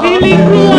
Really cool.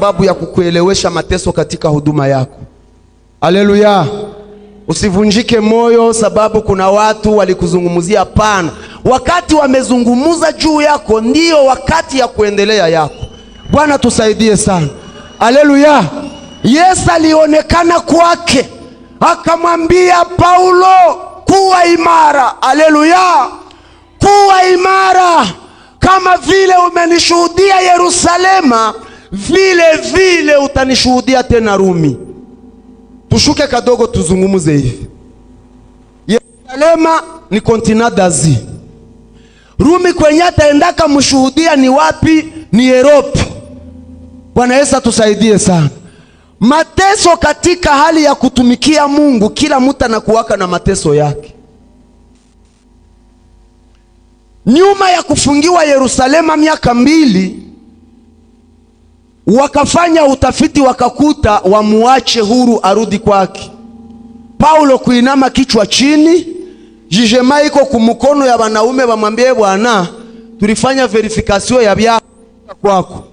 sababu ya kukuelewesha mateso katika huduma yako. aleluya Usivunjike moyo, sababu kuna watu walikuzungumzia pana. Wakati wamezungumuza juu yako, ndiyo wakati ya kuendelea yako. Bwana tusaidie sana. aleluya Yesu alionekana kwake, akamwambia Paulo, kuwa imara. aleluya kuwa imara kama vile umenishuhudia Yerusalema vile vile utanishuhudia tena Rumi. Tushuke kadogo tuzungumuze hivi. Yerusalema ni kontina dazi. Rumi kwenye ataendaka mshuhudia ni wapi? Ni Europe. Bwana Yesu atusaidie sana. Mateso katika hali ya kutumikia Mungu, kila mtu anakuwaka na mateso yake. Nyuma ya kufungiwa Yerusalema miaka mbili Wakafanya utafiti wakakuta wamuache huru arudi kwake. Paulo kuinama kichwa chini, jijema iko kumukono ya wanaume, wamwambie bwana, tulifanya verifikasio ya bya kwako,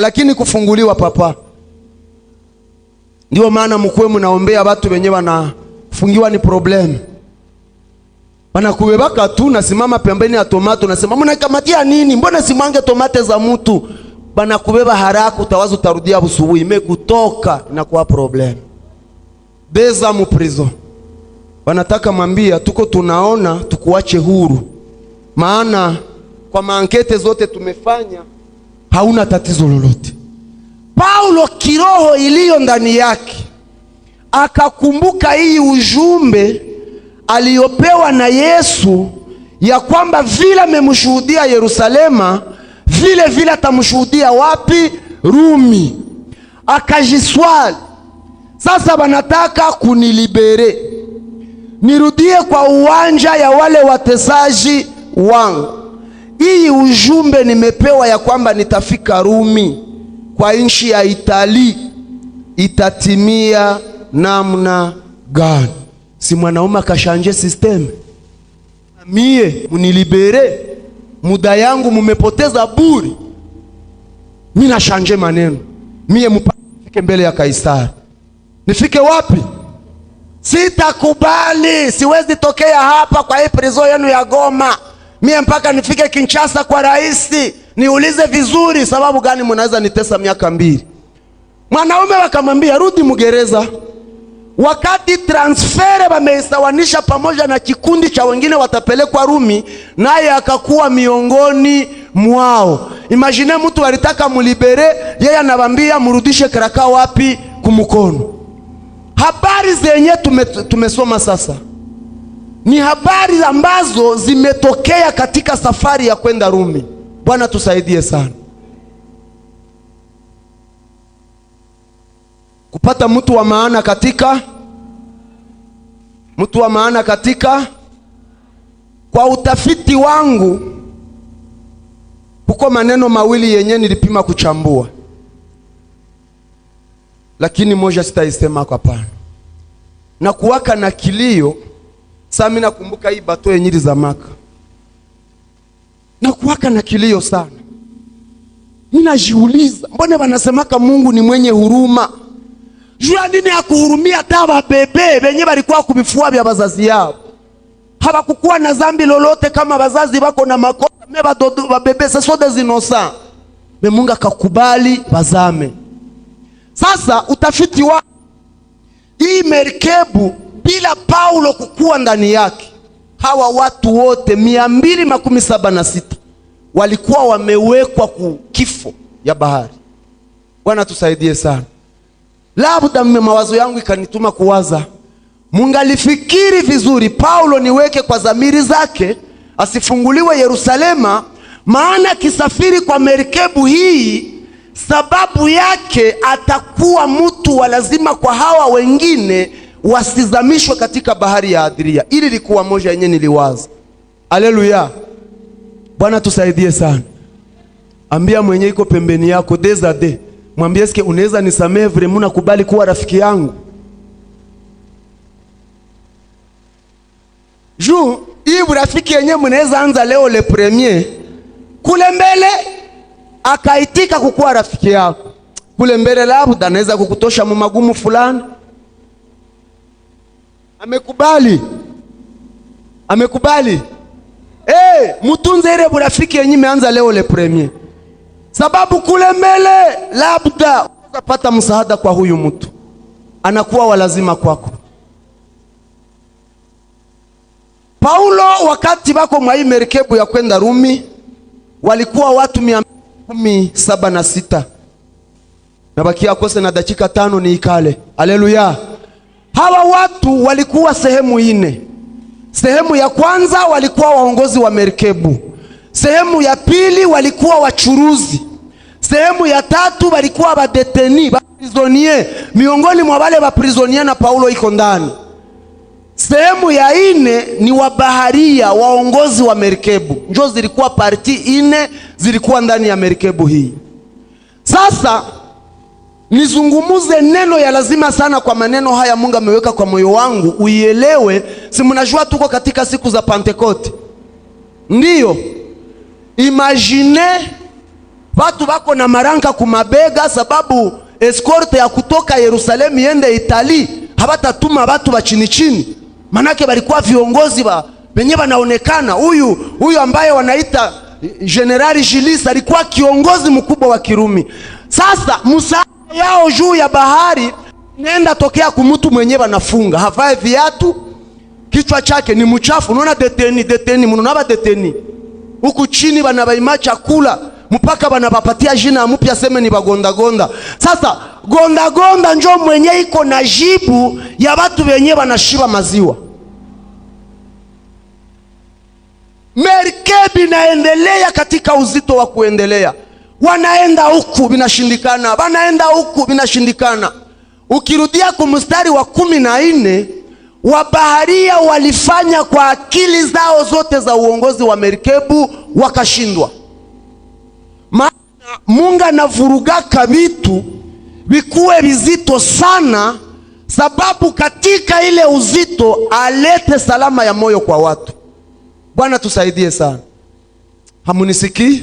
lakini kufunguliwa papa. Ndio maana mkuwe munaombea watu wenye wanafungiwa ni problemu, wanakuwebaka tu, nasimama pembeni ya tomato, nasema mnakamatia nini? Mbona simwange tomate za mutu bana kubeba haraka, utawaza utarudia busubuhi, imekutoka inakuwa problem. Beza mu prison wanataka mwambia, tuko tunaona tukuache huru, maana kwa maankete zote tumefanya hauna tatizo lolote. Paulo kiroho iliyo ndani yake akakumbuka hii ujumbe aliyopewa na Yesu ya kwamba vile amemshuhudia Yerusalema vile vile atamshuhudia wapi? Rumi. Akajiswali, sasa wanataka kunilibere nirudie kwa uwanja ya wale watesaji wangu. Hii ujumbe nimepewa ya kwamba nitafika Rumi kwa nchi ya Itali itatimia namna gani? Si mwanaume akashanje sisteme mie munilibere muda yangu mumepoteza buri. Mimi nashanje maneno mie, mupafike mbele ya Kaisari. Nifike wapi? Sitakubali, siwezi tokea hapa kwa hii prizo yenu ya Goma mie mpaka nifike Kinshasa kwa raisi niulize vizuri, sababu gani mnaweza nitesa miaka mbili? Mwanaume wakamwambia rudi mgereza. Wakati transfere wameisawanisha pamoja na kikundi cha wengine watapelekwa Rumi, naye akakuwa miongoni mwao. Imagine mtu alitaka mulibere, yeye anawambia mrudishe karaka wapi? Kumkono. Habari zenye tume, tumesoma sasa ni habari ambazo zimetokea katika safari ya kwenda Rumi. Bwana tusaidie sana kupata mtu wa maana katika mtu wa maana katika. Kwa utafiti wangu, huko maneno mawili yenye nilipima kuchambua, lakini moja sitaisema kwa pana na kuwaka na kilio. Sasa mimi nakumbuka hii bato yenyili za maka na kuwaka na kilio sana, ninajiuliza mbona wanasemaka Mungu ni mwenye huruma jua nini ya kuhurumia hata babebe benye balikuwa kubifua bya bazazi yao, habakukuwa na zambi lolote. Kama bazazi bako na makosa me badodo babebe seso des innocents me Mungu akakubali bazame. Sasa utafiti wa hii merikebu bila Paulo kukuwa ndani yake, hawa watu wote mia mbili makumi saba na sita walikuwa wamewekwa kukifo ya bahari. Bwana tusaidie sana labda mawazo yangu ikanituma kuwaza, mungalifikiri vizuri, Paulo niweke kwa dhamiri zake asifunguliwe Yerusalema, maana akisafiri kwa merikebu hii, sababu yake atakuwa mtu wa lazima kwa hawa wengine wasizamishwe katika bahari ya Adria. Ili likuwa moja yenye niliwaza. Aleluya, Bwana tusaidie sana. Ambia mwenye iko pembeni yako dezade mwambie sike, unaweza nisamehe vile mimi nakubali kuwa rafiki yangu juu hii urafiki yenyewe mnaweza anza leo le premier kule mbele akaitika kukuwa rafiki yako kule mbele, labda anaweza kukutosha mu magumu fulani. Amekubali, amekubali. Hey, eh, mutunze ile urafiki yenyewe imeanza leo le premier sababu kule mbele labda utapata msaada kwa huyu mtu, anakuwa walazima kwako. Paulo wakati bako mwa hii merikebu ya kwenda Rumi walikuwa watu mia kumi saba na sita nabakia kose na dakika tano ni ikale. Aleluya! hawa watu walikuwa sehemu ine. Sehemu ya kwanza walikuwa waongozi wa merikebu Sehemu ya pili walikuwa wachuruzi, sehemu ya tatu walikuwa badeteni baprizonie, miongoni mwa wale baprizonie na Paulo iko ndani. Sehemu ya ine ni wabaharia, waongozi wa merikebu, njo zilikuwa parti ine zilikuwa ndani ya merikebu hii. Sasa nizungumuze neno ya lazima sana kwa maneno haya Mungu ameweka kwa moyo wangu uielewe. Si mnajua tuko katika siku za Pentekote, ndiyo Imagine watu wako na maranga kumabega, sababu eskorte ya kutoka Yerusalemu yende Itali hawatatuma watu wa chini chini, manake walikuwa viongozi wa wenye wanaonekana. Huyu huyu ambaye wanaita Generali Jilis alikuwa kiongozi mkubwa wa Kirumi. Sasa msaada yao juu ya bahari nenda tokea kumutu mwenye wanafunga, havae viatu, kichwa chake ni mchafu. Unaona deteni deteni, mnaona deteni huku chini banabaima chakula mpaka banabapatia jina mupya, seme ni bagondagonda. Sasa gondagonda njo mwenye iko na jibu ya batu wenye banashiba maziwa. Merikebi naendelea katika uzito wa kuendelea, wanaenda huku binashindikana, wanaenda huku binashindikana. Ukirudia kumstari wa kumi na nne Wabaharia walifanya kwa akili zao zote za uongozi wa merikebu wakashindwa. Maana Mungu anavurugaka vitu vikuwe vizito sana, sababu katika ile uzito alete salama ya moyo kwa watu. Bwana tusaidie sana. Hamunisikii?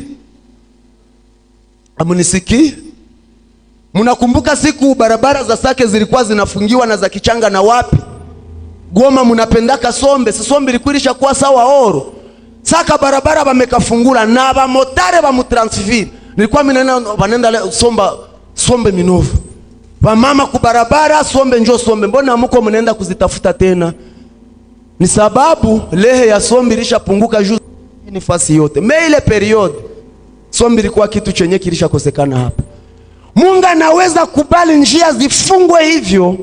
Hamunisikii? Mnakumbuka siku barabara za Sake zilikuwa zinafungiwa na za Kichanga na wapi? Goma munapendaka sombe sisombe ilikwirisha kuwa sawa oro saka barabara bamekafungula na bamotare bamutransfere. Nilikuwa mimi naenda banenda somba sombe minovu bamama kubarabara sombe njo sombe, mbona muko mnaenda kuzitafuta tena? Ni sababu lehe ya sombe ilishapunguka juu ni fasi yote me ile periode sombe ilikuwa kitu chenye kilishakosekana hapa. Mungu anaweza kubali njia zifungwe hivyo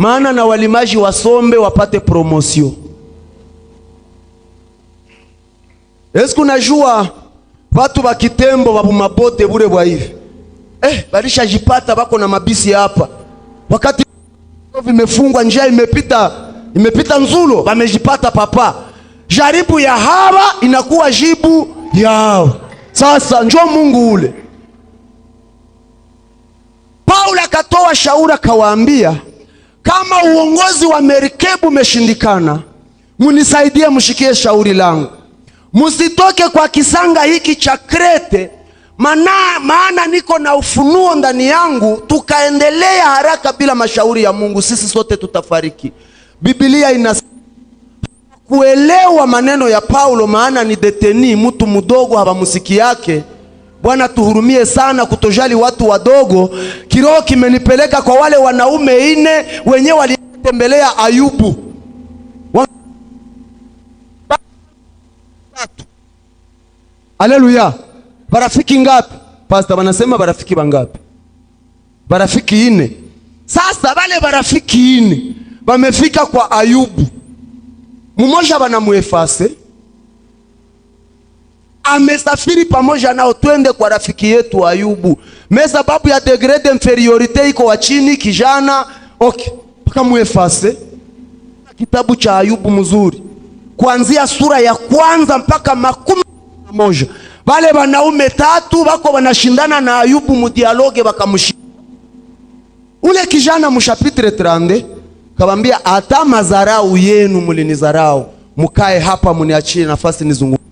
maana na walimaji wasombe wapate promosio. Esiku najua watu wa Kitembo wa bumabote bure bwa hivi eh, jipata bako na mabisi hapa, wakati vimefungwa njia imepita imepita Nzulo, wamejipata papa. Jaribu ya hawa inakuwa jibu yao. Sasa njo Mungu ule Paula akatoa shauri akawaambia kama uongozi wa merikebu umeshindikana, munisaidie, mshikie shauri langu, msitoke kwa kisanga hiki cha Krete mana, maana niko na ufunuo ndani yangu. Tukaendelea haraka bila mashauri ya Mungu, sisi sote tutafariki. Biblia ina kuelewa maneno ya Paulo, maana ni deteni, mtu mdogo, hawamusiki yake Bwana tuhurumie sana kutojali watu wadogo. Kiroho kimenipeleka kwa wale wanaume ine wenye walitembelea Ayubu Wan... Aleluya. Barafiki ngapi? Pastor wanasema barafiki bangapi? Barafiki ine. Sasa wale barafiki ine wamefika kwa Ayubu, mumoja banamuefase amesafiri pamoja nao, twende kwa rafiki yetu Ayubu. Me sababu ya degré de inferiorité iko wa chini kijana. Okay, mpaka muefase kitabu cha Ayubu mzuri, kuanzia sura ya kwanza mpaka makumi na moja Wale wanaume tatu wako wanashindana na Ayubu mudialoge, wakamshinda ule kijana mushapitre trande kawambia, hata mazarau yenu mulinizarau, mukae hapa muniachie nafasi nizungu